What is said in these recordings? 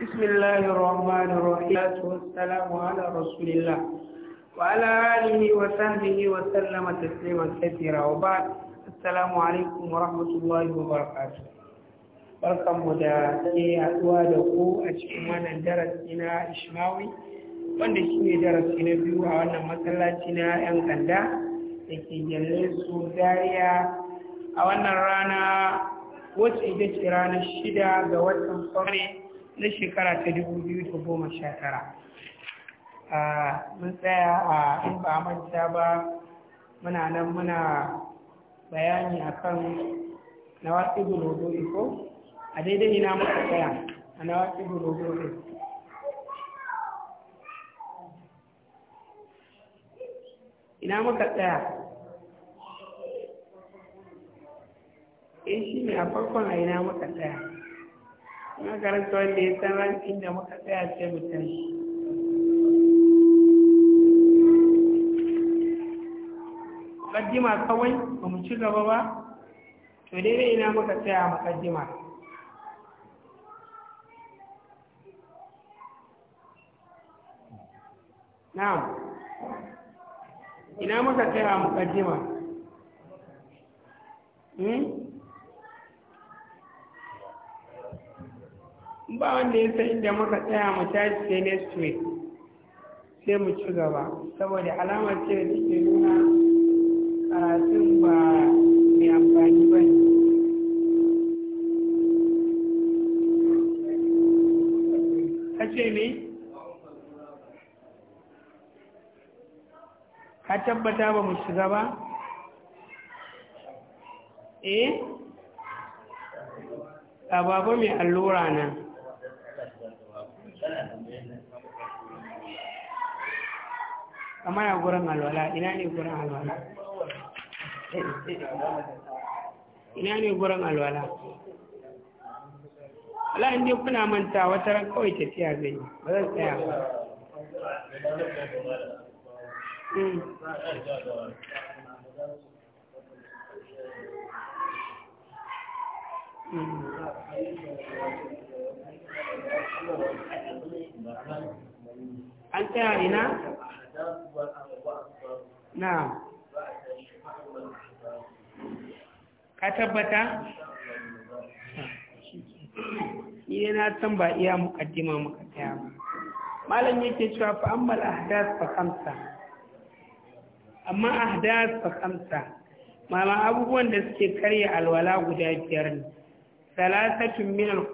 بسم الله الرحمن الرحيم والسلام على رسول الله وعلى آله وصحبه وسلم تسليما كثيرا وبعد السلام عليكم ورحمة الله وبركاته barkan mu da ke haɗuwa da ku a cikin wannan darasi na ishmawi wanda shi ne darasi na biyu a wannan masallaci na 'yan kanda da ke gyalle su dariya a wannan rana wacce ita ce ranar shida ga watan fari na shekara ta 2019 mun tsaya a in ba manta ba muna nan muna bayani akan nawaqibul wudu'i ko a daidai ina muka tsaya a nawaqibul wudu'i ina muka tsaya in eh, shi ne a farkon a ina muka tsaya na karanta wanda ya san inda muka tsaya ce mu tashi mukaddima kawai ba mu ci gaba ba to daidai ina muka tsaya mukaddima na'am ina muka tsaya mukaddima hmm? ba wanda ya san inda muka tsaya mu tashi sai next week sai mu ci gaba saboda alamar ce da take nuna karatun ba mai amfani ba ne kace me ka tabbata ba mu shiga ba eh ba mai allura nan kama ya gurin alwala ina ne gurin alwala ina ne gurin alwala wala inda kuna manta wata ran kawai tafiya zai ba zan tsaya ba hmm. Hmm. an tsaya ina na ka tabbata ni na san ba iya mukaddima muka tsaya ba malam yake cewa fa ammal ahdath fa khamsa amma ahdath fa khamsa malam abubuwan da suke karya alwala guda biyar ne salatatun min al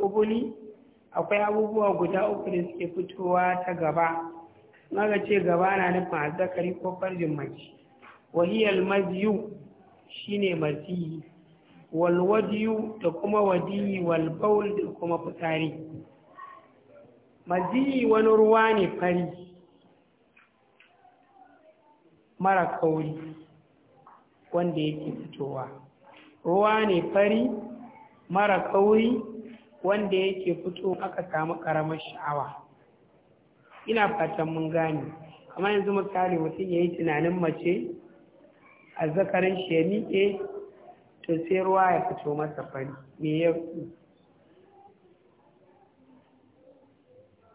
akwai abubuwa guda uku da suke fitowa ta gaba maka ce gaba na nufin azzakari ko farjin mace wahiyar maziyu shine masihi walwadiyu da kuma wadiyi walbaul da kuma fitari maziyi wani ruwa ne fari mara kauri wanda yake fitowa ruwa ne fari mara kauri wanda yake fito aka samu karamar sha'awa ina fatan mun gane amma yanzu misali mutum ya yi tunanin mace a zakarin shi ya miƙe to sai ruwa ya fito masa fari me ya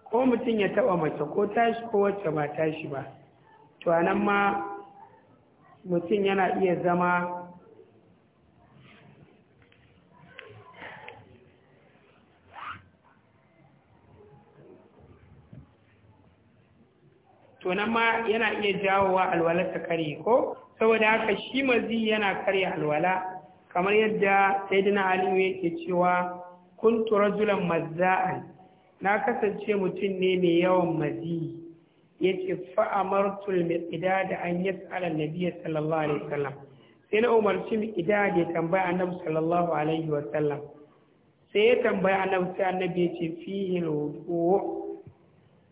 ko mutum ya taɓa mace ko tashi ko wacce ba tashi ba to anan ma mutum yana iya zama to nan ma yana iya jawowa alwala ta kare ko saboda haka shi mazi yana karya alwala kamar yadda sayyidina ali yake cewa kuntu rajulan mazza'an na kasance mutum ne mai yawan mazi yace fa amartul miqdad an yas'ala an-nabiy sallallahu alaihi wasallam sai na umarci miqdad ya tambaya annabi sallallahu alaihi wasallam sai ya tambaya annabi sai annabi yace fihi al-wudu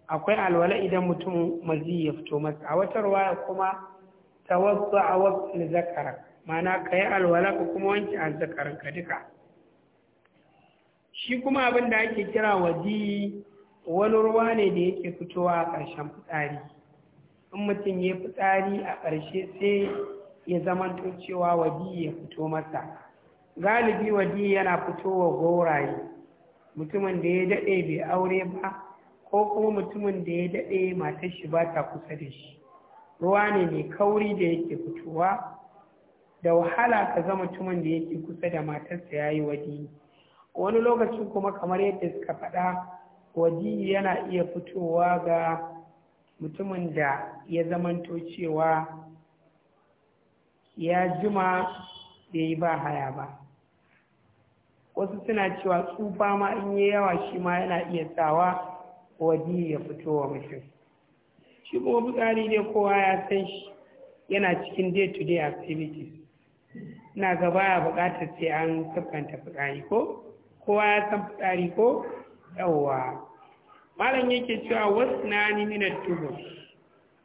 akwai alwala idan mutum mazi ya fito masa a wata ruwaya kuma ta a wasu zakara mana ka yi alwala ka kuma wanke a zakarin ka duka shi kuma abin da ake kira waji wani ruwa ne da yake fitowa a ƙarshen fitsari in mutum ya fitsari a ƙarshe sai ya zama cewa wadi ya fito masa galibi wadi yana fitowa goraye mutumin da ya daɗe bai aure ba ko kuma mutumin da ya daɗe matar shi ba ta kusa da shi ruwa ne mai kauri da yake fitowa da wahala ka zama mutumin da yake kusa da matarsa ya yi wadi wani lokacin kuma kamar yadda suka faɗa wadi yana iya fitowa ga mutumin da ya zamanto cewa ya jima da yi ba haya ba wasu suna cewa tsufa ma in yi yawa shi ma yana iya sawa waje ya fito wa mutum shi kuma fitsari dai kowa ya san shi yana cikin day to day activities na gaba ya buƙatar sai an siffanta fitsari ko kowa ya san fitsari ko yawwa malam yake cewa wasu na ni minar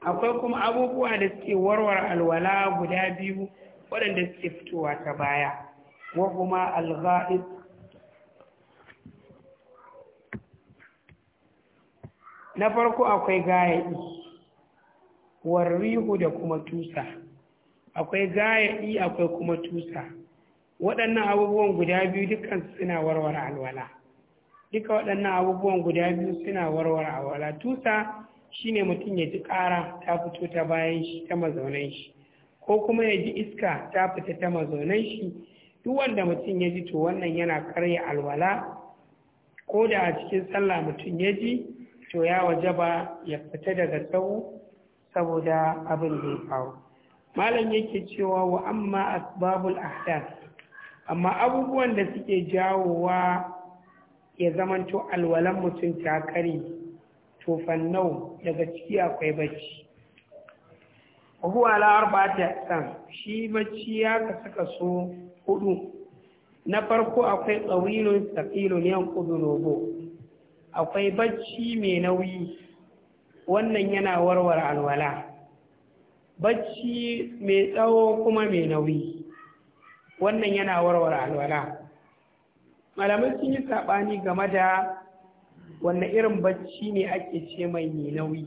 akwai kuma abubuwa da suke warware alwala guda biyu waɗanda suke fitowa ta baya wa kuma alga'id na farko akwai gayaɗi warrihu da kuma tusa akwai gayaɗi akwai kuma tusa waɗannan abubuwan guda biyu dukkan suna warware alwala duka waɗannan abubuwan guda biyu suna warware alwala tusa shine mutum ya ji ƙara ta fito ta bayan shi ta mazaunan shi ko kuma ya ji iska ta fita ta mazaunan shi duk wanda mutum ya ji to wannan yana karya alwala ko da a cikin sallah mutum ya ji to ya wajaba ya fita daga tsawo saboda abin da ya faru malam yake cewa wa amma asbabul ahdath amma abubuwan da suke jawowa ya zamanto alwalan mutum ta kare to fannau daga ciki akwai bacci huwa ala arba'ati ahsan shi bacci ya kasu kaso hudu na farko akwai tsawilun yan kudu robo. akwai bacci mai nauyi wannan yana warware alwala bacci mai tsawo kuma mai nauyi wannan yana warware alwala malamai sun yi saɓani game da wanne irin bacci ne ake ce mai nauyi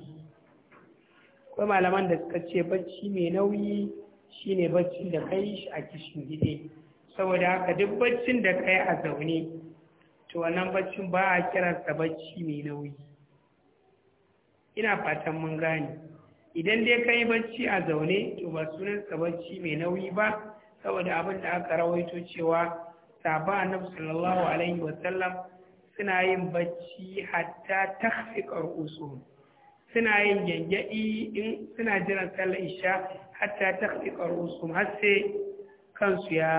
akwai malaman da suka ce bacci mai nauyi shine baccin da ka yi shi a kishin gide saboda haka duk baccin da ka yi a zaune to wannan baccin ba a kiransa bacci mai nauyi ina fatan mun gane idan dai ka yi bacci a zaune to ba sunansa bacci mai nauyi ba saboda abin da aka rawaito cewa sahaba annabi sallallahu alaihi sallam suna yin bacci hatta tahfiqar usul suna yin gyangyaɗi in suna jiran sallar isha hatta tahfiqar usul har sai kansu ya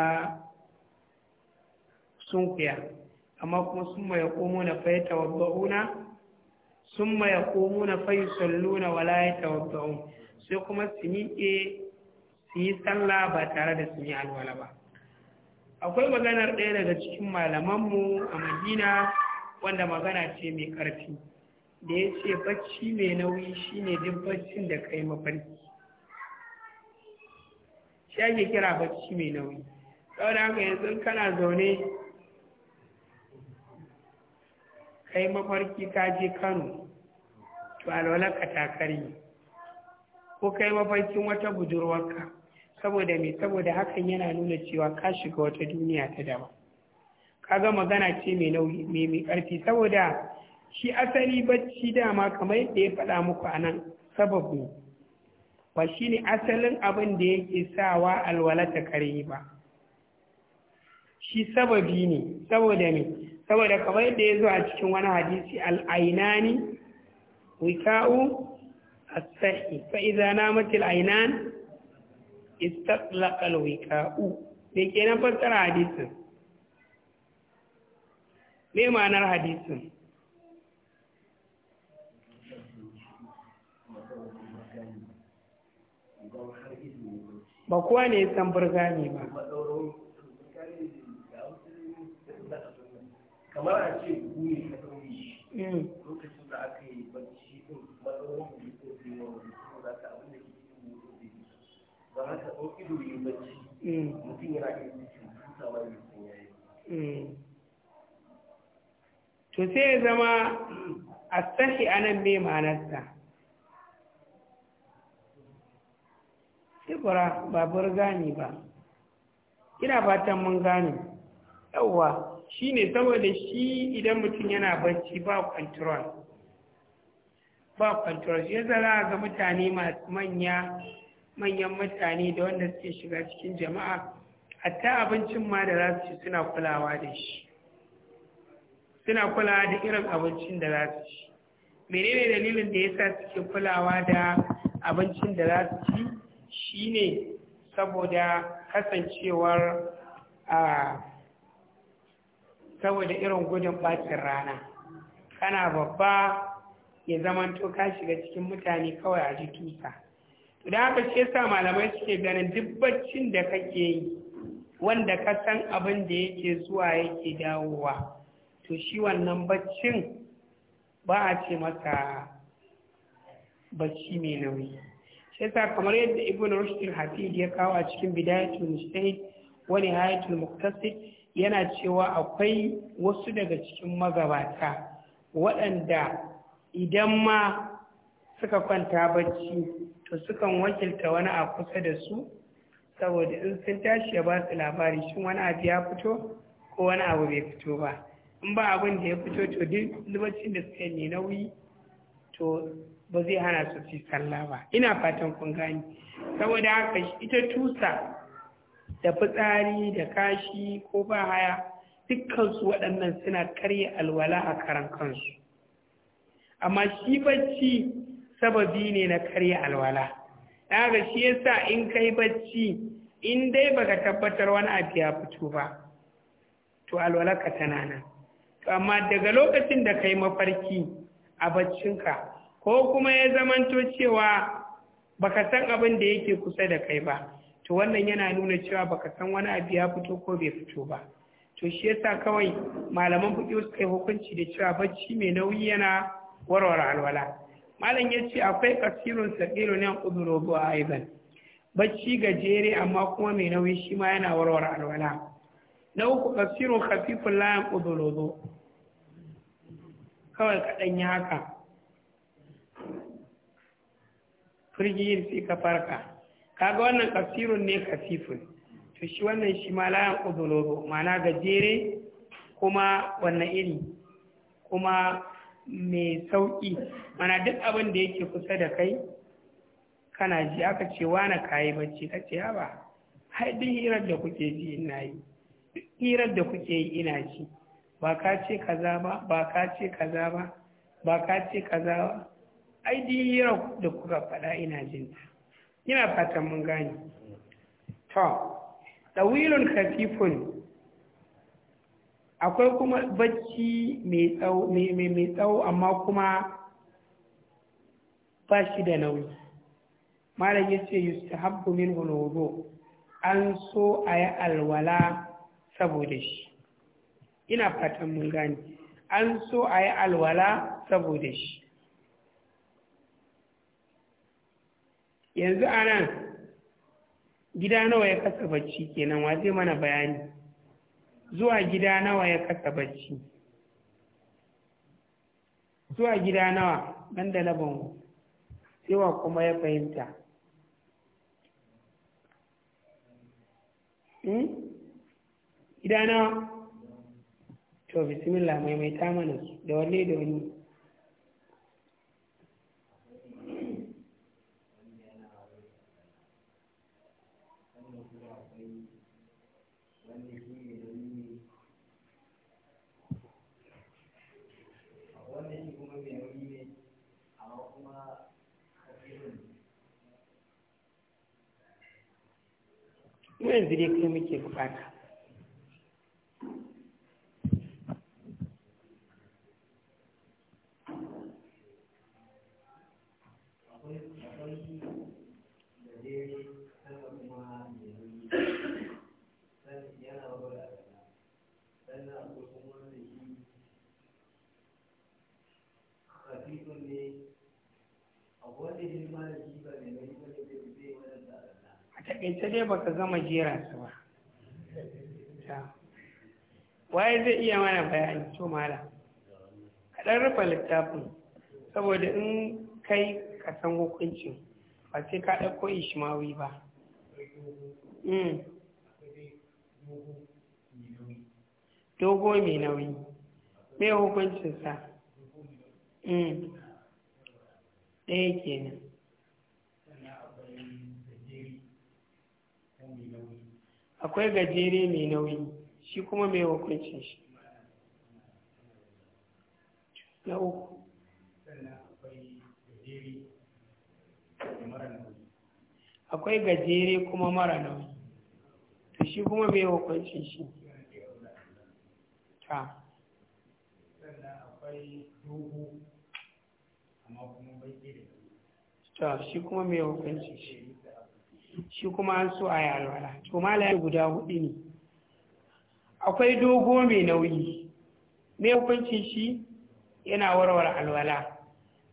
sunkuya amma kuma sun ma ya komo na fai tawabba'una sun ma ya komo na fai wala ya tawabba'un sai kuma su yi sallah ba tare da sun yi alwala ba akwai maganar ɗaya daga cikin malamanmu a madina wanda magana ce mai ƙarfi da ya ce bacci mai nauyi shine duk baccin da ka yi mafarki shi ake kira bacci mai nauyi saboda haka yanzu kana zaune kai mafarki ka je kano to alwalarka ta karye ko kai mafarkin wata budurwarka saboda me saboda hakan yana nuna cewa ka shiga wata duniya ta ka kaga magana ce mai nauyi mai mai karfi saboda shi asali bacci dama kamar yadda ya faɗa muku a nan sababu ba shi ne asalin abin da yake sawa alwala ta kare ba shi sababi ne saboda me saboda kamar yadda ya zo a cikin wani hadisi al'ainani wika'u Asahi. sahi fa iza na al-ainan istaqlaqa al-wika'u me kenan fassara hadisin me ma'anar hadisin ba kuwa ne ya san burgani ba kamar a ce ku ne ka ɗaure shi mm. lokacin da aka yi bacci ɗin matsalolin da ko ɗaure wa wani ko za ka abin da ke cikin mutum da ya ba haka ɗau ido ya bacci mm. mutum yana iya cikin hutawa da mutum ya yi. Mm. to sai ya zama a sashi anan nan mai manarsa tsibira ba gani ba ina fatan mun gane yauwa Shi ne saboda shi idan mutum yana bacci ba control ba control shi zara ga mutane masu manya manyan mutane da wanda suke shiga cikin jama'a hatta abincin ma da za su ci suna kulawa da shi suna kulawa da irin abincin da za su ci menene dalilin da ya sa suke kulawa da abincin da za su ci shine saboda kasancewar a ah, saboda irin gudun ɓacin rana kana babba ya zaman to ka shiga cikin mutane kawai a ji tusa to da haka shi yasa malamai suke ganin duk baccin da kake yi wanda ka san abin da yake zuwa yake dawowa to shi wannan baccin ba a ce masa bacci mai nauyi shi yasa kamar yadda ibn rushd al ya kawo a cikin bidayatul mujtahid wani hayatul muqtasid yana cewa akwai wasu daga cikin magabata waɗanda idan ma suka kwanta bacci to sukan wakilta wani a kusa da su saboda in sun tashi ya ba su labari shi wani abu ya fito ko wani abu bai fito ba in ba abin da ya fito to duk lubacin da suka yi nauyi to ba zai hana su fi sallah ba ina fatan kun gani saboda haka ita tusa da fitsari da kashi ko ba haya dukkansu waɗannan suna karya alwala a karan kansu amma shi bacci sababi ne na karya alwala daga shi yasa in kai bacci in dai baka tabbatar wani abu ya fito ba to alwala ka tana nan to amma daga lokacin da kai mafarki a baccinka ko kuma ya zamanto cewa baka san abin da yake kusa da kai ba to wannan yana nuna cewa baka san wani abu ya fito ko bai fito ba to shi yasa kawai malaman fiƙi suka yi hukunci da cewa bacci mai nauyi yana warware alwala malam ya ce akwai kasirun sabiru ne a aidan bacci gajere amma kuma mai nauyi shi ma yana warware alwala na uku kasirun khafifun la yan kawai kaɗan ya haka firgiyin sai ka farka kaga wannan kafirun ne kasifin to shi wannan shi ma layan uzuluru ma'ana gajere kuma wannan iri kuma mai sauƙi mana duk abin da yake kusa da kai kana ji aka ce na kayi bacci ka ce ba har hirar da kuke ji ina yi hirar da kuke yi ina ji ba ka ce kaza ba ba ka ce kaza ba ba ka ce kaza ai hirar da kuka faɗa ina jin ina fatan mun gane to tawilun khafifun akwai kuma bacci mai tsawo amma kuma ba shi da nauyi malam ya ce yustahabbu min hulwudu an so a yi alwala saboda shi ina fatan mun gane an so a yi alwala saboda shi yanzu a nan gida nawa ya kasa bacci kenan wa zai mana bayani zuwa gida nawa ya kasa bacci zuwa gida nawa ban da na bango cewa kuma ya fahimta hmm? gida nawa to bismillah maimaita mana da wanne da wani yanzu dai kai muke bukata What a dai baka gama jera su ba waye zai iya mana bayani to mala kaɗan rufe littafin saboda in kai ka san hukuncin ba sai ka ɗauko ishmawi ba mm. dogo mai nauyi mai hukuncinsa mm. ɗaya kenan akwai gajere mai nauyi shi kuma mai hukuncin shi na uku akwai gajere kuma mara nauyi to shi kuma mai hukuncin shi ta ta shi kuma mai hukuncin shi shi kuma an so a yi alwala to malaya guda hudu ne akwai dogo mai nauyi mai hukuncin shi yana warware alwala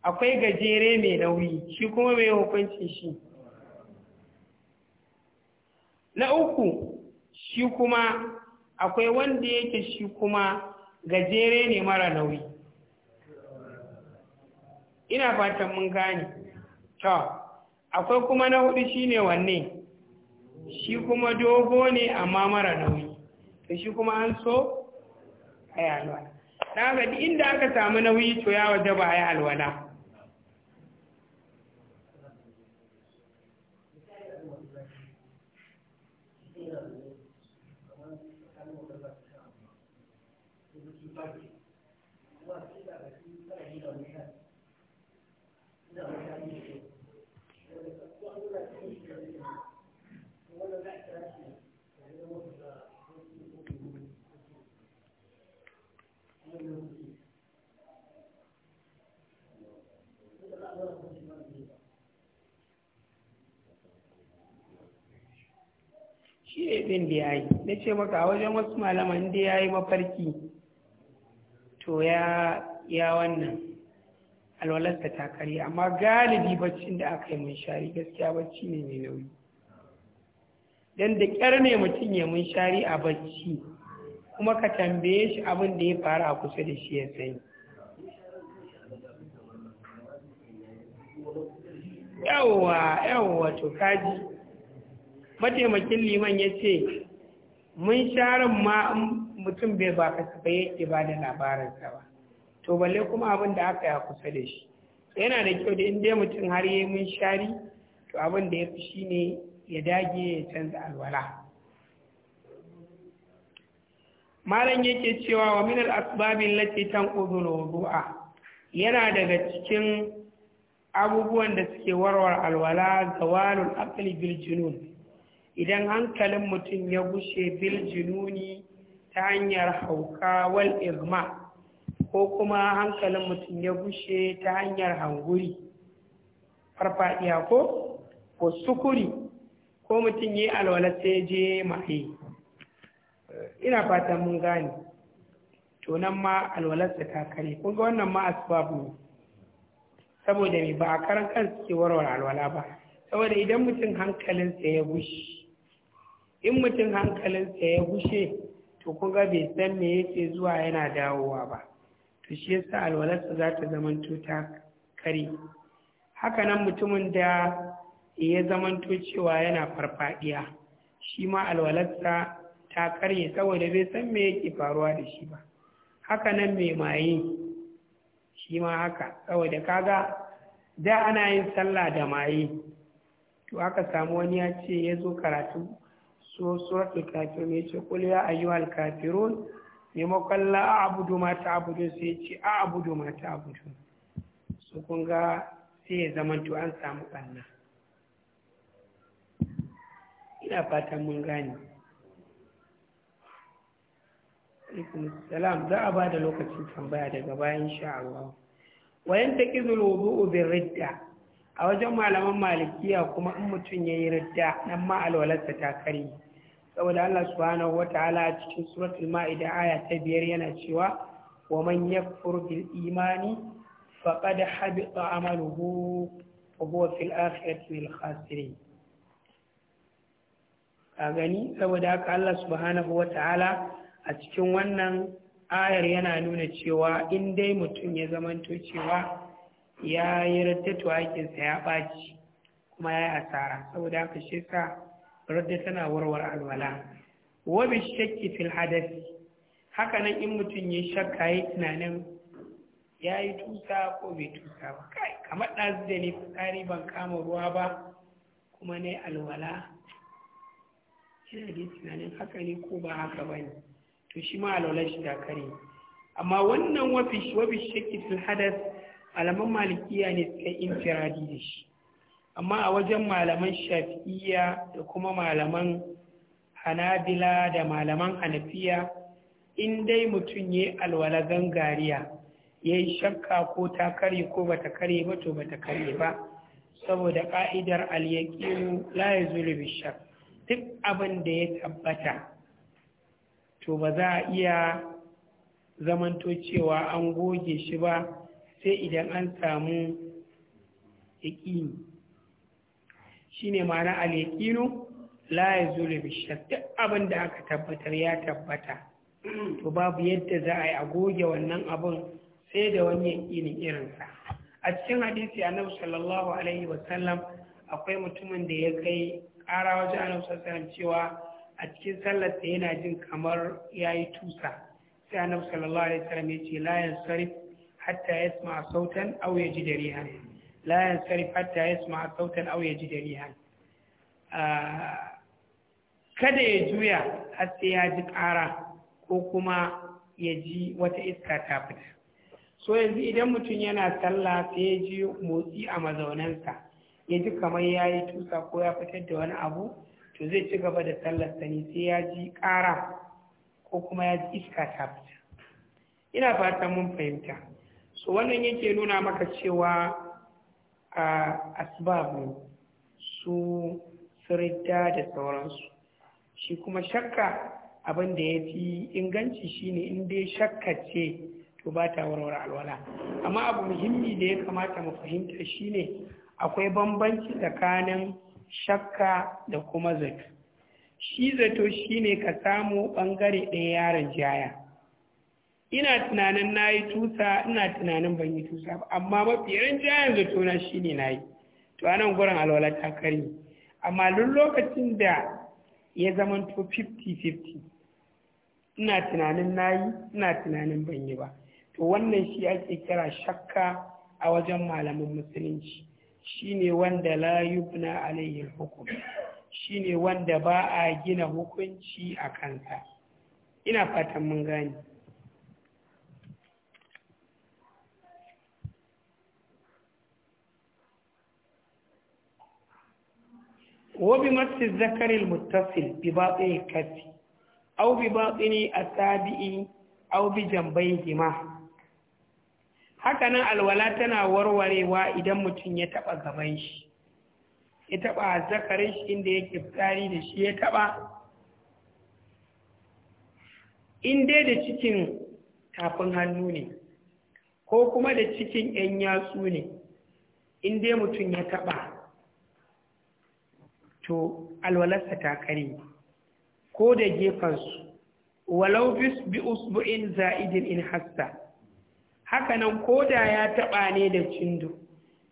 akwai gajere mai nauyi shi kuma mai hukuncin shi na uku shi kuma akwai wanda yake shi kuma gajere ne mara nauyi ina fatan mun gane ta akwai kuma na hudu shine wanne shi kuma dogo ne amma mara nauyi to shi kuma an so a alwala na ga inda aka samu nauyi to ya wajaba ba a alwala ne ɗin da ya yi na ce maka a wajen wasu malaman da ya yi mafarki to ya ya wannan alwalarsa ta karya amma galibi baccin da aka yi mun shari gaskiya bacci ne mai nauyi don da ƙyar ne mutum ya mun shari a bacci kuma ka tambaye shi abin da ya faru a kusa da shi ya sani yawwa yawwa to kaji mataimakin liman ya ce mun sharan ma mutum bai ba kasafai yake ba da labaransa ba to balle kuma abin da aka yi a kusa da shi yana da kyau da inda mutum har yi mun shari to abin da ya fi shi ne ya dage ya canza alwala malam yake cewa wa min al-asbabin lati al wudu'a yana daga cikin abubuwan da suke warware alwala zawalul aqli bil junun idan hankalin mutum ya gushe bil jinuni ta hanyar hauka wal irma ko kuma hankalin mutum ya gushe ta hanyar hanguri farfadiya ko ko sukuri ko mutum yi alwala sai je mahe ina fatan mun gane to nan ma alwalarsa ta kare kun ga wannan ma asbabu ne saboda ba a karan kan warware alwala ba saboda idan mutum hankalinsa ya gushe. in mutum hankalinsa ya hushe to kuga bai san me yake zuwa yana dawowa ba to shi yasa alwalarsa za ta zamanto ta kare hakanan mutumin da ya zamanto cewa yana farfadiya shi ma alwalarsa ta karye saboda bai san me yake faruwa da shi ba hakanan mai maye shi ma haka saboda kaga da ana yin sallah da maye to aka samu wani ya ce ya zo karatu suratul kafir ya ce kul ya ayyuhal kafirun maimakon la abudu ma ta'budu sai ya ce a abudu ma ta'budu su kun ga sai ya to an samu ɓanna ina fatan mun gane salam za a ba da lokacin tambaya daga bayan sha'awa wayan ta ƙizul wudu'u bin ridda a wajen malaman malikiya kuma in mutum ya yi ridda nan ma alwalarsa ta kare saboda Allah subhanahu wa ta'ala a cikin suratul ma'ida aya ta biyar yana cewa wa man yakfur bil imani faqad habita amaluhu wa huwa fil akhirati min khasirin a gani saboda haka Allah subhanahu wa ta'ala a cikin wannan ayar yana nuna cewa in dai mutum ya zamanto cewa ya yi rattatuwa aikinsa ya ɓaci kuma ya yi asara saboda haka shi sa radda tana warware alwala wa bi shakki fil hadasi haka nan in mutum ya shakka ya tunanin ya yi tusa ko bai tusa ba kai kamar ɗazu da ne fitsari ban kama ruwa ba kuma ne alwala yana da tunanin haka ne ko ba haka ba ne to shi ma alwala shi da kare amma wannan wafi shakki fil hadas malaman malikiya ne suka infiradi da shi amma a wajen malaman shaf'iya da kuma malaman hanabila da malaman hanafiya in dai mutum ya yi alwala gangariya ya yi shakka ko ta karye ko bata karye ba to bata karye ba saboda ka'idar alyakinu la yazulu duk abin da ya tabbata to ba za a iya zamanto cewa an goge shi ba sai idan an samu yaƙini shi ne ma'ana al'aƙinu. la ya da bishar duk abin da aka tabbatar ya tabbata to babu yadda za a yi a goge wannan abin sai da wani yaƙinin irinsa a cikin hadisi annabi sallallahu alaihi wasallam akwai mutumin da ya kai ƙara wajen annabi sallallahu cewa a cikin sallasta yana jin kamar ya yi tusa sai annabi sallallahu alaihi wasallam ya ce la sarif حتى يسمع sautan أو يجد rihan لا ينصرف حتى يسمع sautan أو يجد rihan kada ya juya har sai ya ji ƙara ko kuma ya ji wata iska ta fita so yanzu idan mutum yana sallah sai ya ji motsi a mazaunansa ya ji kamar ya yi tusa ko ya fitar da wani abu to zai ci gaba da sallar sani sai ya ji ƙara ko kuma ya ji iska ta fita ina fata mun fahimta so wannan yake nuna maka cewa a asbabu su sirda da sauransu shi kuma shakka abin da ya fi inganci shine in dai shakka ce to ba ta warware alwala amma abu muhimmi da ya kamata mu fahimta shine akwai bambanci tsakanin shakka da kuma zato shi zato shine ka samu bangare ɗaya yaron jaya ina tunanin na yi tusa ina tunanin ban yi tusa ba amma mafi rinjayen zatona shi ne na yi to a nan gurin alwala ta kari amma duk lokacin da ya zama zamanto 50-50 ina tunanin na yi ina tunanin ban yi ba to wannan shi ake kira shakka a wajen malamin musulunci shi ne wanda la yubna alayhi hukum shi ne wanda ba a gina hukunci a kansa ina fatan mun gane وبمس الذكر المتصل بباطن الكف أو بباطن التابع أو بجنبيهما hakanan alwala tana warwarewa idan mutum ya taɓa gaban shi ya taɓa zakarin shi inda yake fitsari da shi ya taɓa in dai da cikin tafin hannu ne ko kuma da cikin 'yan yatsu ne in dai mutum ya taɓa to alwalarsa ta kare ko da gefansu walau bi usbu'in za'idin in Haka nan ko da ya taɓa ne da cindo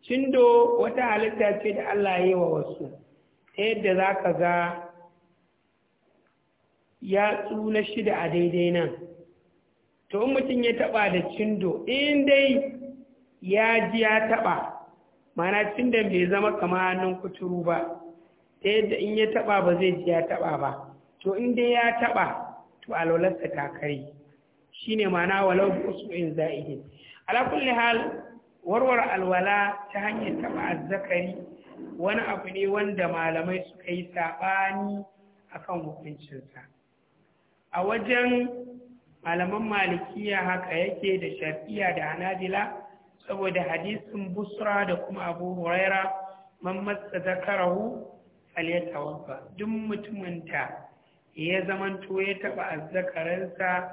cindo wata halitta ce da Allah ya yi wa wasu ta yadda za ka ga yatsu na shida a daidai nan to in mutum ya taɓa da cindo in dai ya ji ya taɓa mana cindon bai zama kama kuturu ba ta yadda in ya taɓa ba zai ji ya taɓa ba to in dai ya taɓa to alwalarsa ta kare shi ne mana walau bi usu'in za'ihi ala kulli hal warware alwala ta hanyar taɓa azzakari wani abu ne wanda malamai suka yi saɓani a kan hukuncinsa a wajen malaman malikiya haka yake da shafiya da hanabila saboda hadisin busra da kuma abu huraira man zakarahu falyatawaffa duk mutumin ta ya to ya taba azzakaransa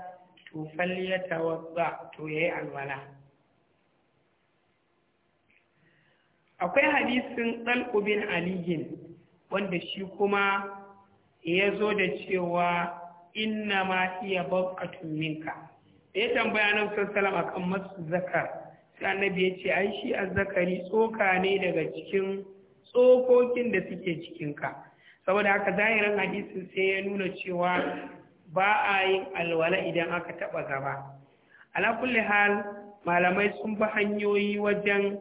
to falyatawaffa to ya yi alwala akwai hadisin ɗalƙubin aliyin wanda shi kuma ya zo da cewa inna ma iya bakatun minka ya tambaya na salama kan masu zakar sai annabi ya ce ai shi azzakari tsoka ne daga cikin tsokokin da suke cikinka saboda haka zahirin hadisin sai ya nuna cewa ba a yin alwala idan aka taba gaba ala kulli hal malamai sun bi hanyoyi wajen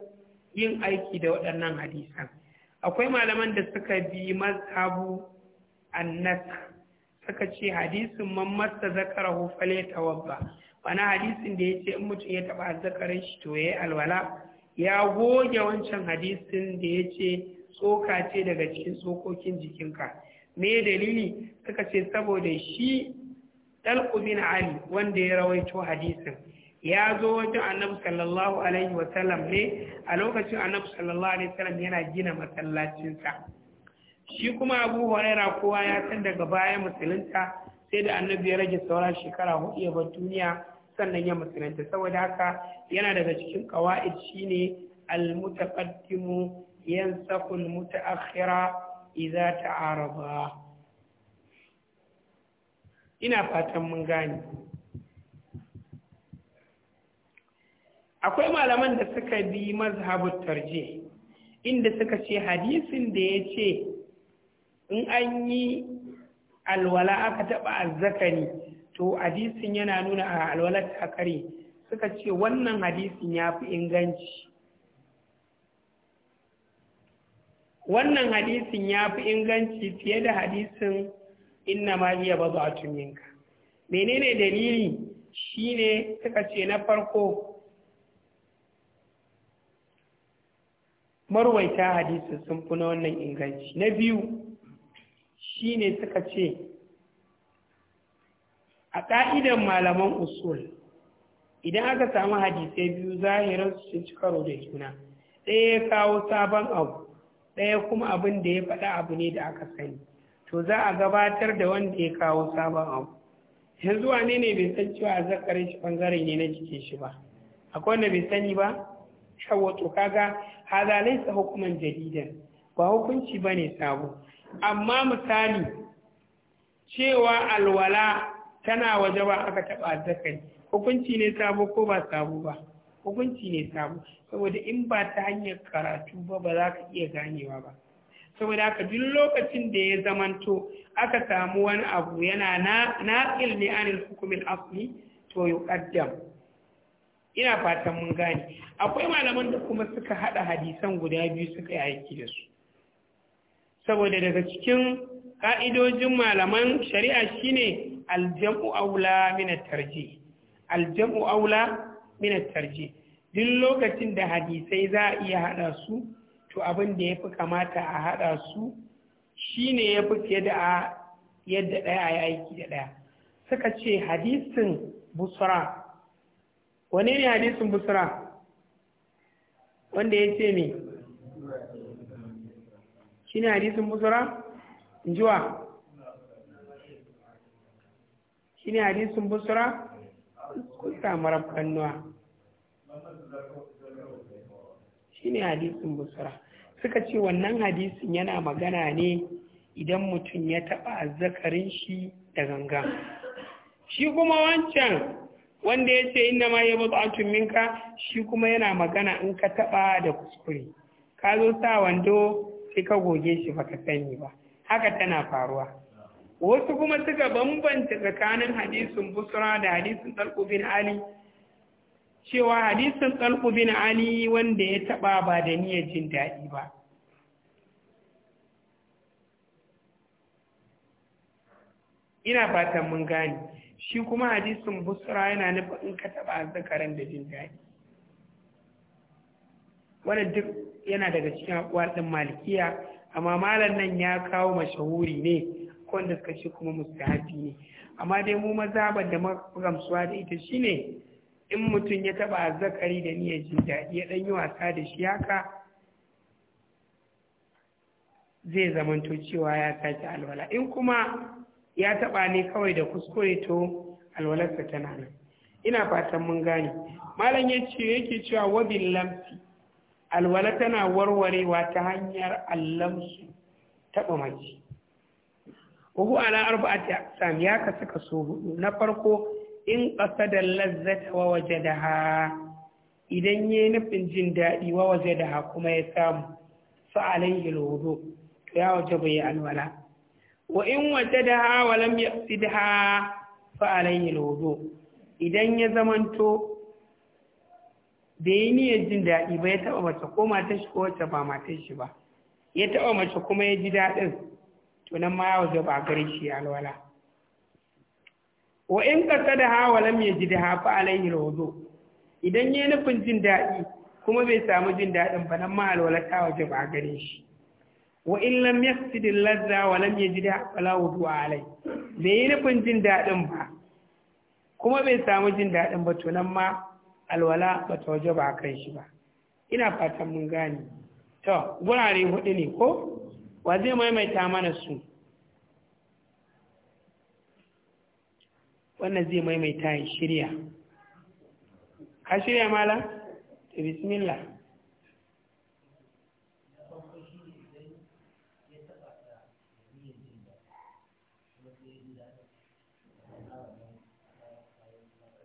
yin aiki da waɗannan hadisan akwai malaman da suka bi mazhabu annas suka ce hadisin man masa ta wabba wani hadisin da ya ce in mutum ya taba zakarin shi to yayi alwala ya goge wancan hadisin da ya ce tsoka ce daga cikin tsokokin jikinka me dalili suka ce saboda shi talqu ali wanda ya rawaito hadisin ya zo wajen annabi sallallahu alaihi wasallam ne a lokacin annabi sallallahu alaihi wasallam yana gina masallacinsa shi kuma abu huraira kowa ya san daga baya musulunta sai da annabi ya rage saura shekara hudu ya bar duniya sannan ya musulunta saboda haka yana daga cikin kawa'id shine al-mutaqaddimu ينسخ المتأخرة إذا araba. ina fatan mun gane akwai malaman da suka bi mazhabut tarje inda suka ce hadisin da ya ce in an yi alwala aka taɓa azzakari to hadisin yana nuna a alwalar takare suka ce wannan hadisin ya fi inganci wannan hadisin ya fi inganci fiye da hadisin inna ma hiya a minka menene dalili shine suka ce na farko marwaita hadisin sun fi na wannan inganci na biyu shine suka ce a ƙa'idan malaman usul idan aka samu hadisai biyu zahirar su ci karo da juna ɗaya ya kawo sabon abu ɗaya kuma abin da ya faɗa abu ne da aka sani to za a gabatar da wanda ya kawo sabon abu yanzu wane ne bai san cewa a azzakarin shi bangare ne na jikin shi ba akwai wanda bai sani ba to kaga hazalai sa hukuman jaridan ba hukunci ba ne sabo amma misali cewa alwala tana waje ba aka taɓa azzakari hukunci ne sabo ko ba sabo ba hukunci ne samu saboda in ba ta hanyar karatu ba ba za ka iya ganewa ba saboda haka duk lokacin da ya zamanto aka samu wani abu yana na ilmi an hukumin asli to kaddam. ina fatan mun gane akwai malaman da kuma suka hada hadisan guda biyu suka yi aiki da su saboda daga cikin ka'idojin malaman shari'a shine aljam'u aula min tarji aljam'u aula min tarji duk lokacin da hadisai za a iya hada su to abin da yafi kamata a hada su shine yafi fiye da a yadda ɗaya a aiki da daya suka ce hadisin busra wane ne hadisin busra wanda ya ce me shine hadisin busra injiwa shine hadisin busra kun samu rafkannuwa shi ne hadisin busra suka ce wannan hadisin yana magana ne idan mutum ya taɓa azzakarin shi da ganga shi kuma wancan wanda ya ce inda ma ya batun minka shi kuma yana magana in ka taɓa da kuskure ka zo sa wando sai ka goge shi baka sani ba haka tana faruwa wasu kuma suka bambanta tsakanin hadisin busra da hadisin talqu bin ali cewa hadisin talqu bin ali wanda ya taba ba da niyyar jin daɗi ba ina fatan mun gane shi kuma hadisin busra yana nufin in ka taba azzakaran da jin daɗi wannan duk yana daga cikin akwal ɗin malikiya amma malam nan ya kawo mashahuri ne wanda suka ce kuma mustahabi ne amma dai mu maza ba da gamsuwa da ita shine in mutum ya taba zakari da niyyar jin daɗi ya ɗan yi wasa da shi haka zai zamanto cewa ya sake alwala in kuma ya taba ne kawai da kuskure to alwalarsa tana nan ina fatan mun gane malam ya ce yake cewa wabin lamsi alwala tana warwarewa ta hanyar allamsu taɓa mace wa huwa ala arba'ati aqsam ya kasu kaso hudu na farko in qasada lazzata wa wajadaha idan yayi nufin jin daɗi wa wajadaha kuma ya samu fa alayhi alwudu to ya wajaba ya alwala wa in wajadaha wa lam yaqsidha fa alayhi alwudu idan ya zamanto da yi niyyar jin daɗi ba ya taɓa mace ko matar ko wacce ba matar ba ya taɓa mace kuma ya ji daɗin to nan ma ya waje ba gare shi ya alwala wa in da ha wa lam ha fa alayhi alwudu idan yayi nufin jin daɗi kuma bai samu jin daɗin ba nan ma alwala ta waje ba gare shi wa in lam yaqsid al-ladha wa lam yajidha fala wudu alai, bai yi nufin jin daɗin ba kuma bai samu jin daɗin ba to nan ma alwala ba ta waje ba kan shi ba ina fatan mun gane to gurare hudu ne ko wa zai maimaita mana su wannan zai maimaita ya shirya ka shirya mala? ta bismillah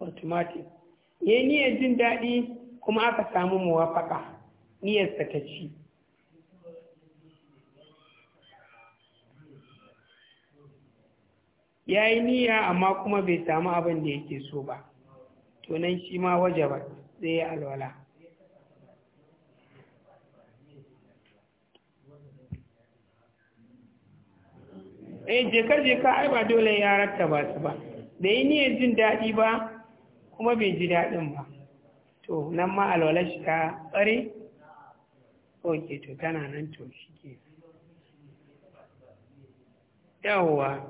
automatic ya yi niyyar jin daɗi kuma aka samu muwafaka niyyarsa sakaci ci ya yi niyya amma kuma bai samu abin da yake so ba to nan shi ma waje ba zai yi alwala eh jeka-jeka ai ba dole ya ba su ba bai yi niyyar jin daɗi ba kuma bai ji daɗin ba to nan ma alwala shi ta tsare ok to tana nan to shi ke yawwa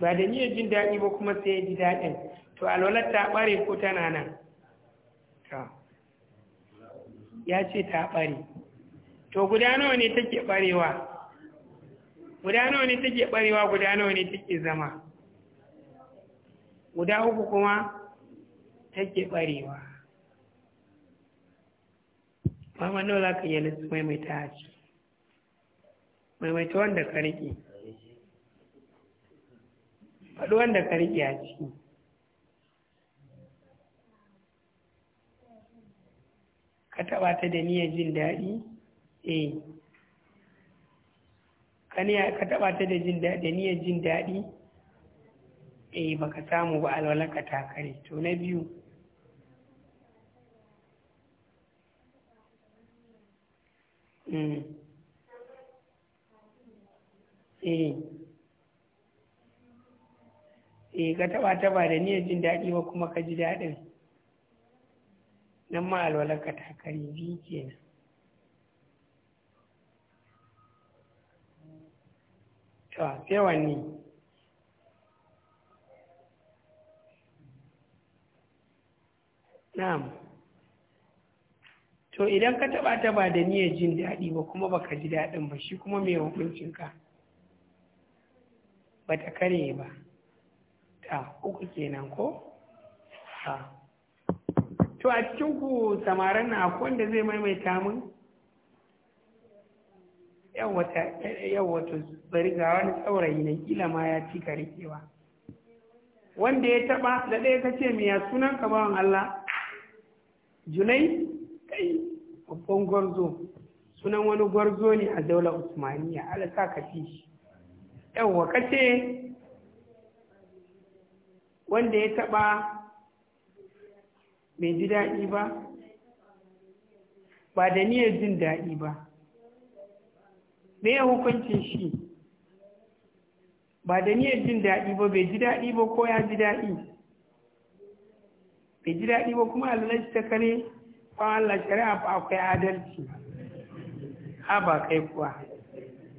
ba da niyyar jin daɗi ba kuma sai ya ji daɗin to alwalar ta ɓare ko tana nan ya ce ta ɓare to guda nawa ne take ɓarewa guda nawa ne take ɓarewa guda nawa ne take zama guda uku kuma take ɓarewa mama za ka yi lissu maimaita a ciki, maimaita wanda ka riƙe faɗi wanda ka riƙe a ciki ka taɓa ta da niyyar jin daɗi eh ka taɓa ta da jin daɗi niyyar jin daɗi eh baka samu ba alwala ka takare to na biyu hmm. eh eh ka taba taba da niyyar jin daɗi ba kuma ka ji daɗin nan ma alwalar ka ta kare biyu kenan to sai wanne na'am to idan ka taba taba da niyyar jin daɗi ba kuma baka ji daɗin ba shi kuma mai hukuncinka ba ta kare ba ta ah, uku kenan ko ha ah. to a cikin ku samaran na akwai wanda zai maimaita mun yawa wata bari ga wani saurayi na kila ma ya ci karikewa wanda ya taba da ɗaya ka ce miya sunan ka bawan Allah junai kai babban gwarzo sunan wani gwarzo ne a daular usmaniya ala sa ka fi shi ka ce wanda ya taɓa bai ji daɗi ba ba da niyyar jin daɗi ba me hukuncin shi ba da niyyar jin daɗi ba bai ji daɗi ba ko ya ji daɗi bai ji daɗi ba kuma Allah ta kare fa Allah shari'a ba akwai adalci ha ba kai kuwa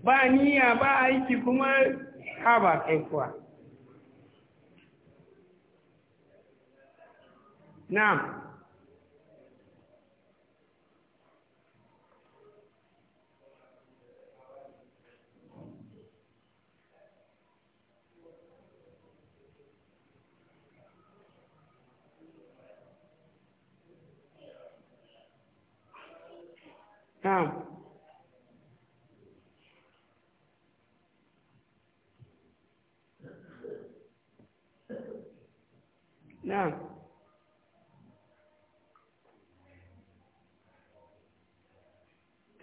ba niyya ba aiki kuma ha ba kai kuwa نعم نعم نعم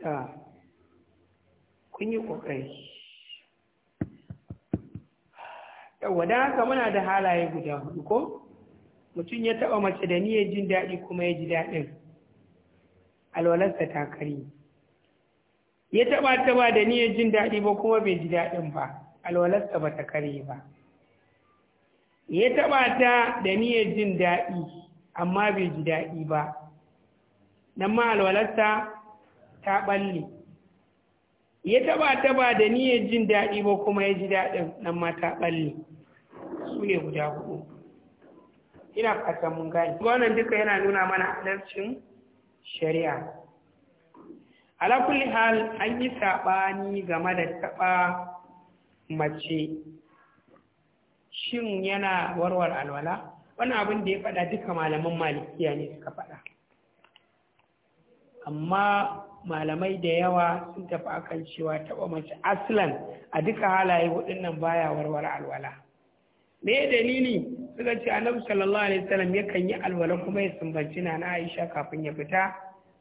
ta kun yi ƙoƙari yawwa da haka muna da halaye guda hudu ko mutum ya taɓa mace da niyyar jin daɗi kuma ya ji daɗin alwalarsa ta kari ya taɓa taɓa da niyyar jin daɗi ba kuma bai ji daɗin ba alwalarsa ba ta kare ba ya taɓa ta da niyyar jin daɗi amma bai ji daɗi ba nan ma alwalarsa ta balle ya taba taba da niyyar jin daɗi ba kuma ya ji daɗin nan ma ta balle su ne guda hudu ina fatan mun gani wannan duka yana nuna mana adalcin shari'a ala kulli hal an yi saɓani game da taɓa mace shin yana warware alwala Wani abin da ya faɗa duka malaman malikiya ne suka faɗa amma malamai da yawa sun tafi akan cewa taɓa mace aslan a duka halaye nan baya warware alwala me dalili suka ce annabi sallallahu alaihi wasallam yakan yi alwala kuma ya sumbanci na Aisha kafin ya fita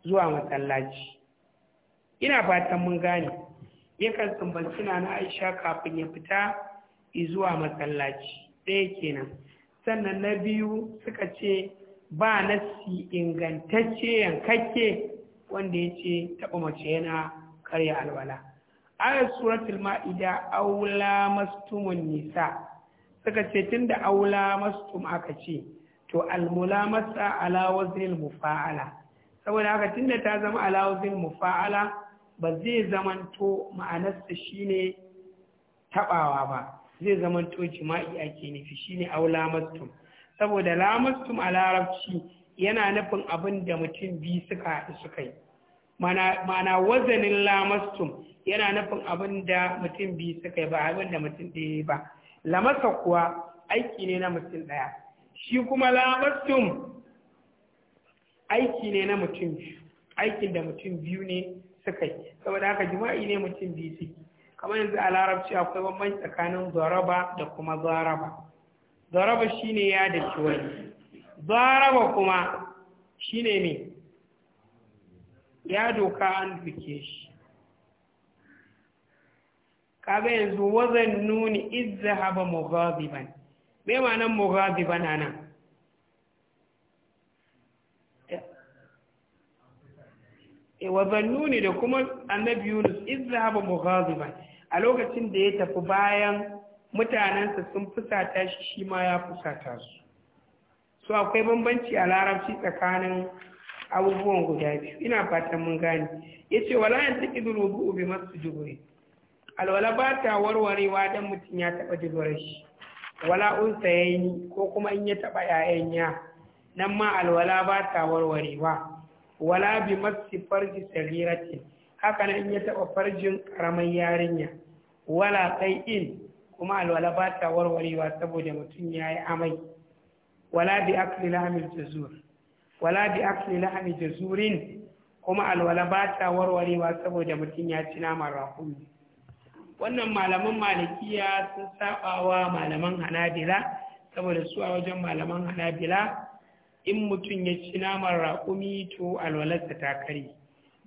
zuwa masallaci ina fatan mun gane yakan sumbanci na Aisha kafin ya fita zuwa masallaci ɗaya kenan sannan na biyu suka ce ba nasi ingantacce yankakke wanda ya ce taɓa mace yana karya alwala ayar suratul ma'ida aula mastumun nisa suka ce tun da aula mastum aka ce to almulamasa ala mu mufa'ala saboda haka tun da ta zama ala mu mufa'ala ba zai zamanto ma'anarsa shine taɓawa ba zai zamanto jima'i ake nufi shine aula mastum saboda lamastum a larabci yana nufin abin da mutum biyu suka haɗu suka yi mana wazanin lamastum yana nufin abin da mutum biyu suka yi ba abin da mutum ɗaya ba lamasa kuwa aiki ne na mutum ɗaya shi kuma lamastum aiki ne na mutum biyu aikin da mutum biyu ne suka yi saboda haka jima'i ne mutum biyu suke kamar yanzu a larabci akwai bambanci tsakanin zaraba da kuma zaraba zaraba shine ya da wani zaraba kuma shi ne ne ya doka an duke shi kaga yanzu wazan nuni izahaba mughaziban me ma'anan mughaziban anan e eh, wazan nuni da kuma annabi Yunus izahaba mughaziban a lokacin da ya tafi bayan mutanensa sun fusata shi shi ma ya fusata su so akwai bambanci a larabci tsakanin abubuwan guda biyu ina fatan mun gane ya ce wala yan taƙi durubu ubi masu jubure alwala ba ta warwarewa don mutum ya taɓa jubure shi wala un sayayi ko kuma in ya taɓa ‘ya'yan ya nan ma alwala ba ta warwarewa wala bi masu farji sariratin haka nan in ya taɓa farjin ƙaramin yarinya wala kai in kuma alwala ba ta warwarewa saboda mutum ya yi amai wala bi akli lahmil jazur wala bi akli lahmi jazurin kuma alwala ba ta warwarewa saboda mutum ya ci naman rahumi wannan malaman malikiya sun sabawa malaman hanabila saboda su a wajen malaman hanabila in mutum ya ci naman raƙumi to alwalarsa ta kare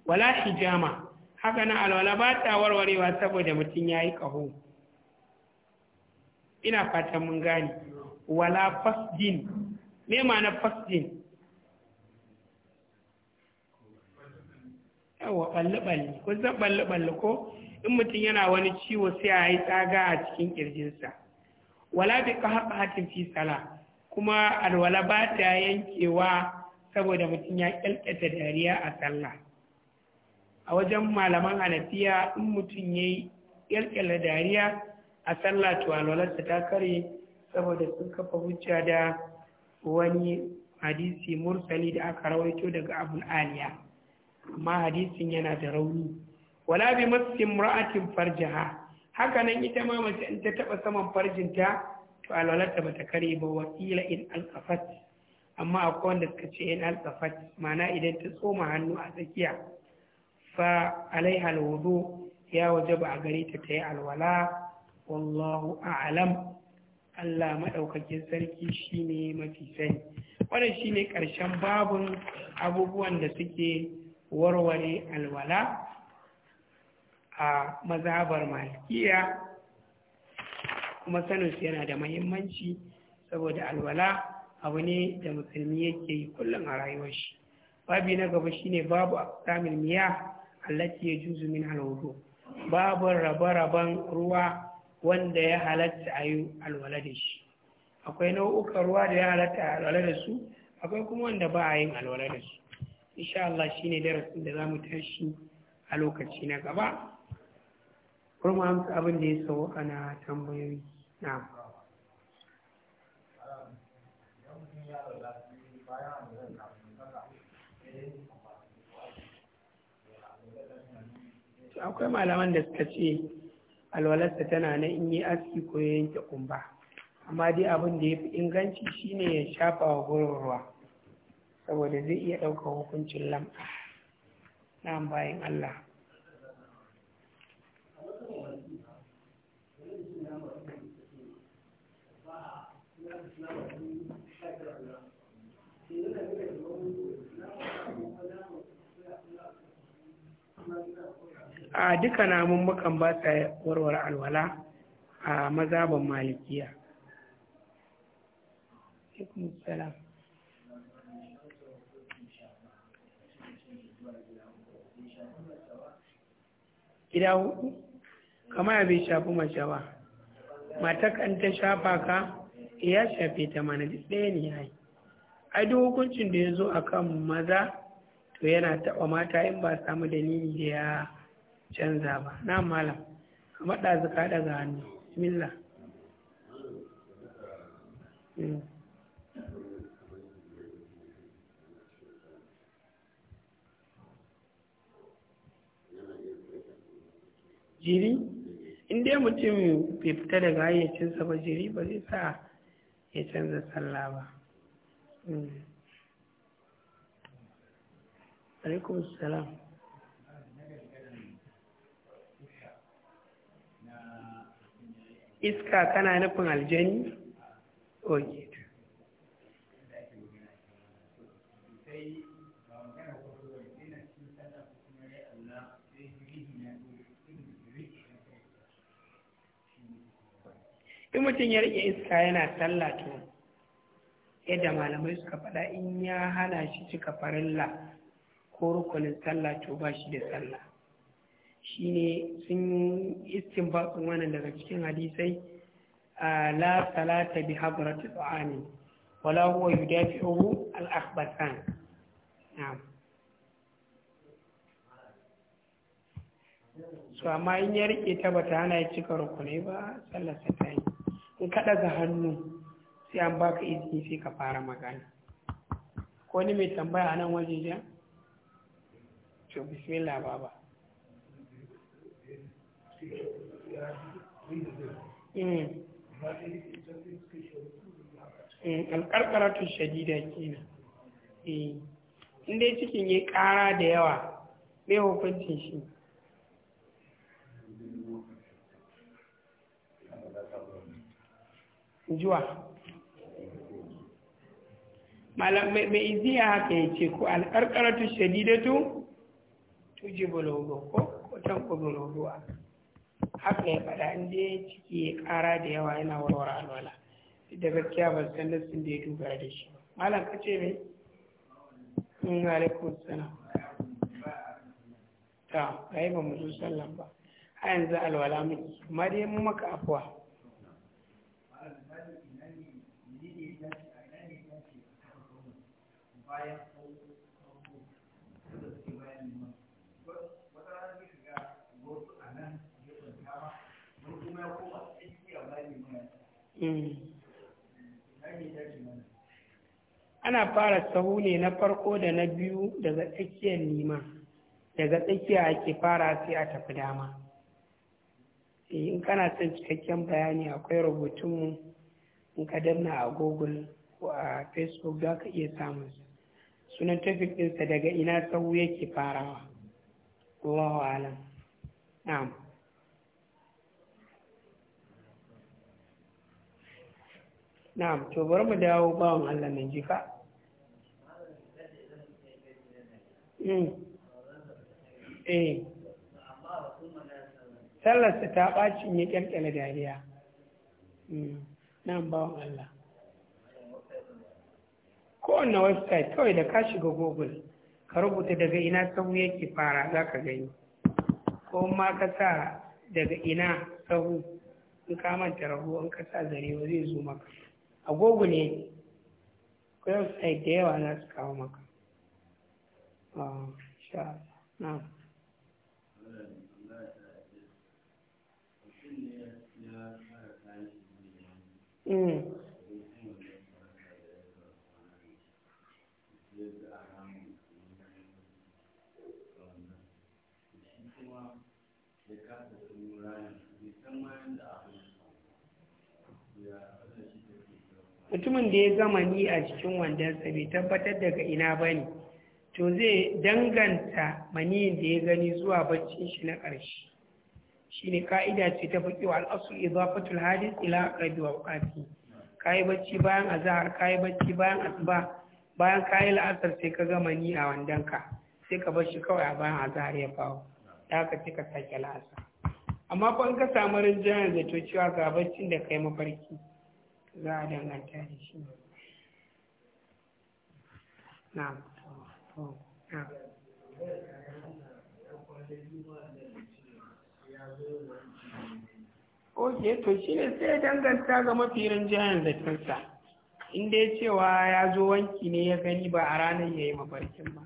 wala hijama haka na alwala ba ta warwarewa saboda mutum ya yi ƙaho ina fatan mun gane wala fasdin me ma'ana fasdin yawa balle-balle ko zan balle-balle ko in mutum yana wani ciwo sai a yi tsaga a cikin kirjinsa wala bi ka haɓa hatin fi sala kuma alwala ba ta yankewa saboda mutum ya kyalkyata dariya a sallah a wajen malaman hanafiya in mutum ya yi dariya a sallah to alwalarsa ta kare saboda sun kafa hujja da wani hadisi mursali da aka rawaito daga abul aliya amma hadisin yana da rauni wala bi masjin ra'atin farjaha haka nan ita ma mace in ta taba saman farjinta to alwalarta bata kare ba wa ila in alqafat amma akwai wanda suka ce in alqafat ma'ana idan ta tsoma hannu a tsakiya fa alaiha alwudu ya wajaba a gare ta tayi alwala wallahu a'lam Allah maɗaukakin sarki shi ne mafi sani wannan ne ƙarshen babun abubuwan da suke warware alwala a mazabar malikiya kuma sanin yana da mahimmanci saboda alwala abu ne da musulmi yake yi kullum a rayuwar shi babi na gaba shi ne babu samun miya allati ya juzu min alwudu babu rabe-raben ruwa wanda ya halatta a yi alwala da shi akwai nau'ukan ruwa da ya halatta a alwala da su akwai kuma wanda ba a yin alwala da su insha Allah ne darasin da za mu tashi a lokaci na gaba kuma amsa abin da ya sauka na tambayoyi na akwai malaman da suka ce alwalarsa tana na in yi aski ko yanke kumba amma dai abin da ya fi inganci shine ya shafa wa gurin ruwa saboda zai iya ɗaukar hukuncin lamba na bayan Allah a duka namun mukan ba ta warware alwala a mazaban malikiya gida hudu kama ya bai shafi mace ba mata kan ta shafa ka eh, ya shafe ta mana ɗaya ne ya yi ai duk hukuncin da ya zo a kan maza to yana taɓa mata in ba samu dalili da ya canza ba na malam kamar ɗazu ka daga hannu milla hmm. jiri in dai mutum bai fita daga hayyacinsa ba jiri ba zai sa ya canza sallah ba hmm. alaikum salam iska kana nufin aljani oke in mutum ya rike iska yana sallah to yadda malamai suka faɗa in ya hana shi cika farilla ko rukunin sallah to ba shi da sallah Shi ne sun istinbatsin wannan daga cikin hadisai la salata bi hadrati ta'ani wala huwa yudafi'uhu al akhbathan na'am so amma in ya rike ta bata hana ya cika rukunai ba sallar ta yi in ka ga hannu sai an baka izini sai ka fara magana ko ni mai tambaya a nan waje jan to bismillah baba Mm. Mm, alƙarƙaratun shadida kenan eh, in cikin ya ƙara da yawa mai hukuncin shi juwa mai ya haka ya ce ko alƙarƙaratun shadidatu tuji hudu ko tanko bul hudu haka ya faɗa in dai ciki ya ƙara da yawa yana warware alwala da gaskiya ba san nassin da ya dogara da shi malam ka ce mai in alaikum salam ta kai ba mu zo sallan ba a yanzu alwala muke amma dai mu maka afuwa Mm. ana fara sahu ne na farko da na biyu daga tsakiyar nima daga tsakiya ake fara sai a tafi dama eh, in kana son cikakken bayani akwai rubutunmu in ka danna a google ko a facebook za ka iya samun sunan tafi ɗinsa daga ina sahu yake farawa Allahu alam na'am na'am to bari mu dawo bawan Allah nan jika hmm. eh sallarsa ta ɓaci ne ƙyalƙyala dariya hmm. Na'am bawan Allah kowane website kawai da ka shiga google ka rubuta daga ina sahu yake fara za ka gani ko ma ka sa daga ina sahu in ka manta rahu in ka sa zarewa zai zo maka agogo ne akwai sai da yawa na su kawo maka Mm. mutumin da ya gama ni a cikin wandonsa bai tabbatar daga ina ba ne to zai danganta maniyin da ya gani zuwa baccin shi na ƙarshe shi ne ka'ida ce ta fiƙi wa al'asul idafatul hadis ila aqrabi wa ka kayi bacci bayan azhar kayi bacci bayan asuba bayan kayi la'asar sai ka gama ni a wandonka sai ka bar shi kawai a bayan azhar ya fawo da ka ce ka sake la'asar amma fa in ka samu rinjayen zato cewa ga baccin da kai mafarki za a danganta da shi na Oke, to shi ne sai danganta ga mafi rinjayen zatonsa, inda ya cewa ya zo wanki ne ya gani ba a ranar ya yi mafarkin ba.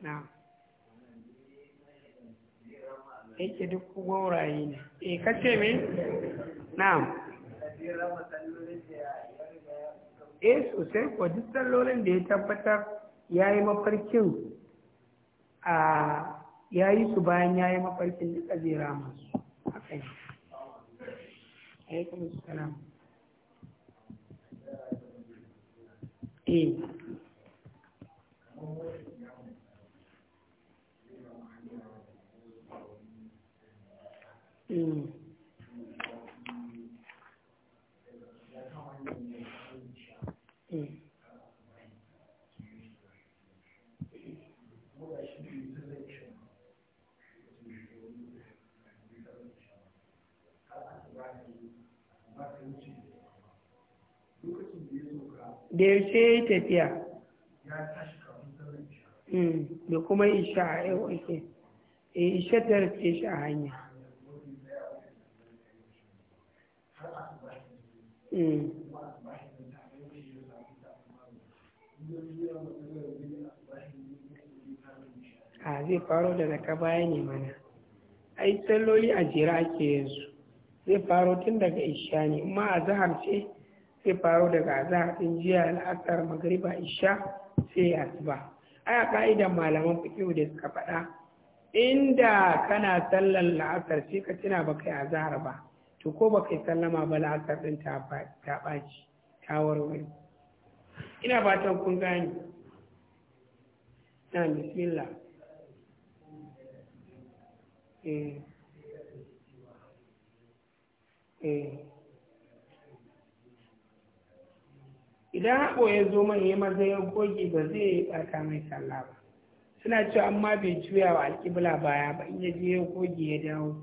Na. Yake duk gwauraye ne. E, eh, kace me? Na. eh sosai ko duk da ya tabbatar ya yi mafarkin a ya yi su bayan ya yi mafarkin duka zai rama a kai alaikum salam eh hmm. da yaushe ya tafiya hmm, da kuma isha a yau ake eh, isha ta rufe shi a hanya hmm. a zai faro da daga baya ne mana ai tsalloli a jira ake yanzu zai faro tun daga isha ne ma a zahar ce sai faru daga azahar ɗin jiya al'asar magariba isha sai asuba a ka'idan malaman fikihu da suka faɗa inda kana sallar la'asar sai ka tuna ba kai azahar ba to ko ba kai sallama ba la'asar ɗin ta ɓaci ta warware ina fatan kun gani na bismillah eh eh idan haɓo ya zo mai ya maza ya goge ba zai yi ɓata mai sallah ba suna cewa amma bai juya wa alƙibla baya ba in ya je ya goge ya dawo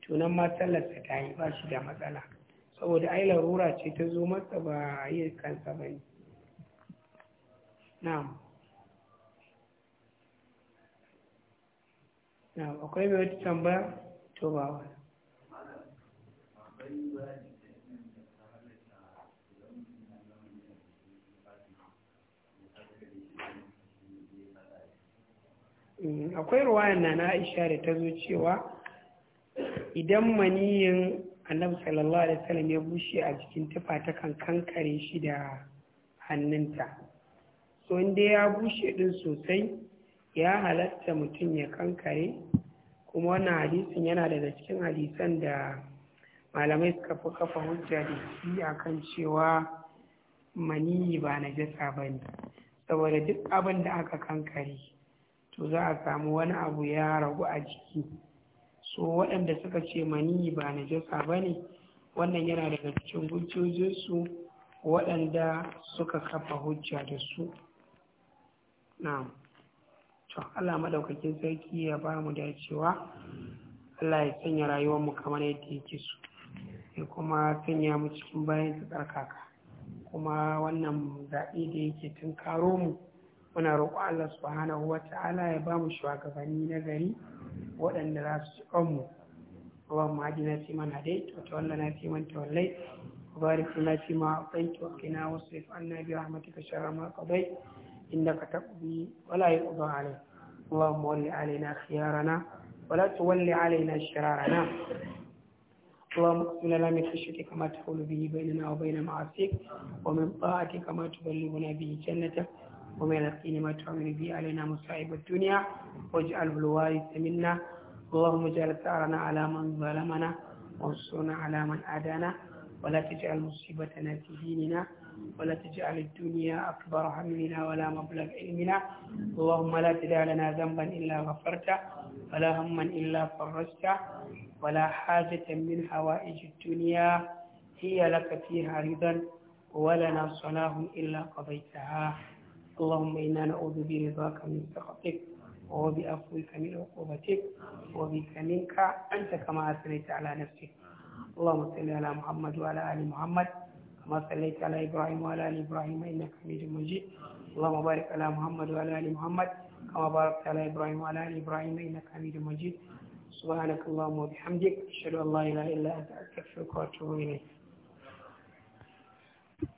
tunan nan ma ta yi ba shi da matsala saboda ai larura ce ta zo masa ba yi kansa ba ne na'am akwai mai wata tambaya to ba wani Mm, akwai ruwayan na na aisha da ta zo cewa idan maniyin annabi sallallahu alaihi wasallam ya bushe a jikin tufa ta kan kankare shi da hannunta so inda ya bushe din sosai ya halatta mutum ya kankare kuma wannan hadisin yana daga cikin hadisan da malamai suka fi kafa hujja da shi akan cewa maniyi ba na jasa ba ne saboda duk abin da aka kankare to za a samu wani abu ya ragu a jiki so waɗanda suka ce mani ba na jasa ba ne wannan yana daga cikin hujjojinsu waɗanda suka kafa hujja da su na'am to Allah madaukakin sarki ya ba mu dacewa Allah ya sanya rayuwar mu kamar yadda yake so ya kuma sanya mu cikin bayan tsarkaka kuma wannan zaɓe da yake tun karo mu muna roƙo Allah subhanahu wata'ala ya ba mu shugabanni na gari waɗanda za su ƙon mu ruwan maji na fi mana dai wata wanda na fi manta wallai barikin na fi a ɓai tuwaki na wasu ya fi an nabi wa hamata ka shara ma ka bai inda ka taɓi wala yi ƙudu alai ruwan mu wali alai na khiyara na wala tu wali alai na shirara na ruwan mu kasu na lami ta shi ta kamata ka bai na na bai na ma'afi. wa min ba'a ta kamata ka wani biyi jannatan ومن الطين ما تعمل به علينا مصائب الدنيا واجعله الوارث منا اللهم اجعل ثارنا على من ظلمنا وانصرنا على من عادانا ولا تجعل مصيبتنا في ديننا ولا تجعل الدنيا أكبر همنا ولا مبلغ علمنا اللهم لا تدع لنا ذنبا إلا غفرته ولا هما إلا فرجته ولا حاجة من حوائج الدنيا هي لك فيها رضا ولنا صلاح إلا قضيتها اللهم إنا نعوذ برضاك من سخطك وبعفوك من عقوبتك وبك منك أنت كما أثنيت على نفسك اللهم صل على محمد وعلى آل محمد كما صليت على إبراهيم وعلى آل إبراهيم إنك حميد مجيد اللهم بارك على محمد وعلى آل محمد كما باركت على إبراهيم وعلى آل إبراهيم إنك حميد مجيد سبحانك اللهم وبحمدك أشهد أن لا إله إلا أنت أستغفرك وأتوب إليك